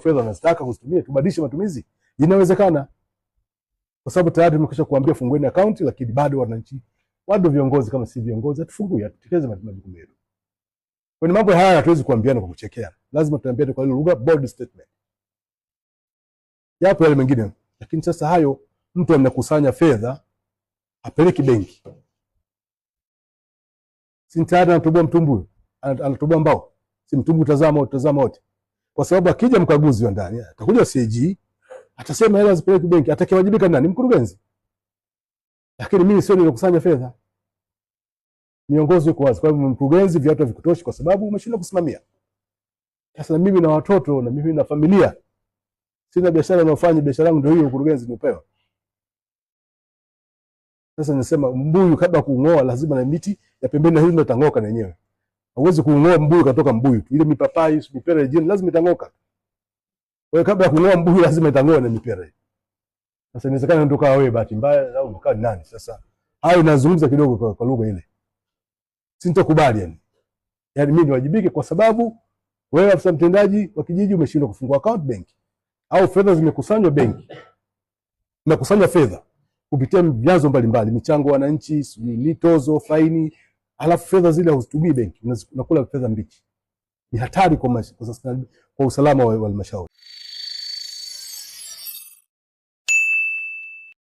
fedha unazitaka kuzitumia, tubadilishe matumizi. Inawezekana, kwa sababu tayari tumekwisha kuambia fungueni akaunti, lakini bado wananchi, bado viongozi kama si viongozi, hatufungui, hatutekeleze majukumu yetu. Kwenye mambo haya hatuwezi kuambiana kwa kuchekea, lazima tuambiane kwa ile lugha, bold statement. Yapo yale mengine, lakini sasa hayo, mtu anakusanya fedha apeleki benki, si tayari anatoboa mtumbu, anatoboa mbao, si mtumbu, tazama, tazama wote kwa sababu akija mkaguzi wa ndani atakuja CAG atasema hela zipeleke benki, atakayewajibika nani? Mkurugenzi. Lakini mimi sio nilikusanya fedha, miongozo iko wazi. Kwa hivyo, mkurugenzi, viatu havikutoshi kwa sababu umeshindwa kusimamia. Sasa na mimi na watoto na mimi na familia, sina biashara inayofanya biashara yangu ndio hiyo, mkurugenzi nimepewa. Sasa nasema mbuyu kabla kuung'oa lazima na miti ya pembeni, na hizo ndio tang'oka na yenyewe. Hauwezi kuung'oa mbuyu katoka mbuyu tu. Ile mipapai, mipere jini lazima itang'oka. Kwa kabla ya kung'oa mbuyu lazima itang'oa na mipere. Sasa inawezekana ndio kawa wewe bahati mbaya au ndio kawa nani? Sasa hayo nazungumza kidogo kwa, kwa lugha ile. Sintokubali yani. Yaani mimi niwajibike kwa sababu wewe afisa mtendaji wa kijiji umeshindwa kufungua account bank au fedha zimekusanywa benki. Unakusanya fedha kupitia vyanzo mbalimbali, michango wananchi, sijui litozo, faini Alafu fedha zile hauzitumii benki, unakula fedha mbichi. Ni hatari kwa, kwa usalama wa halmashauri.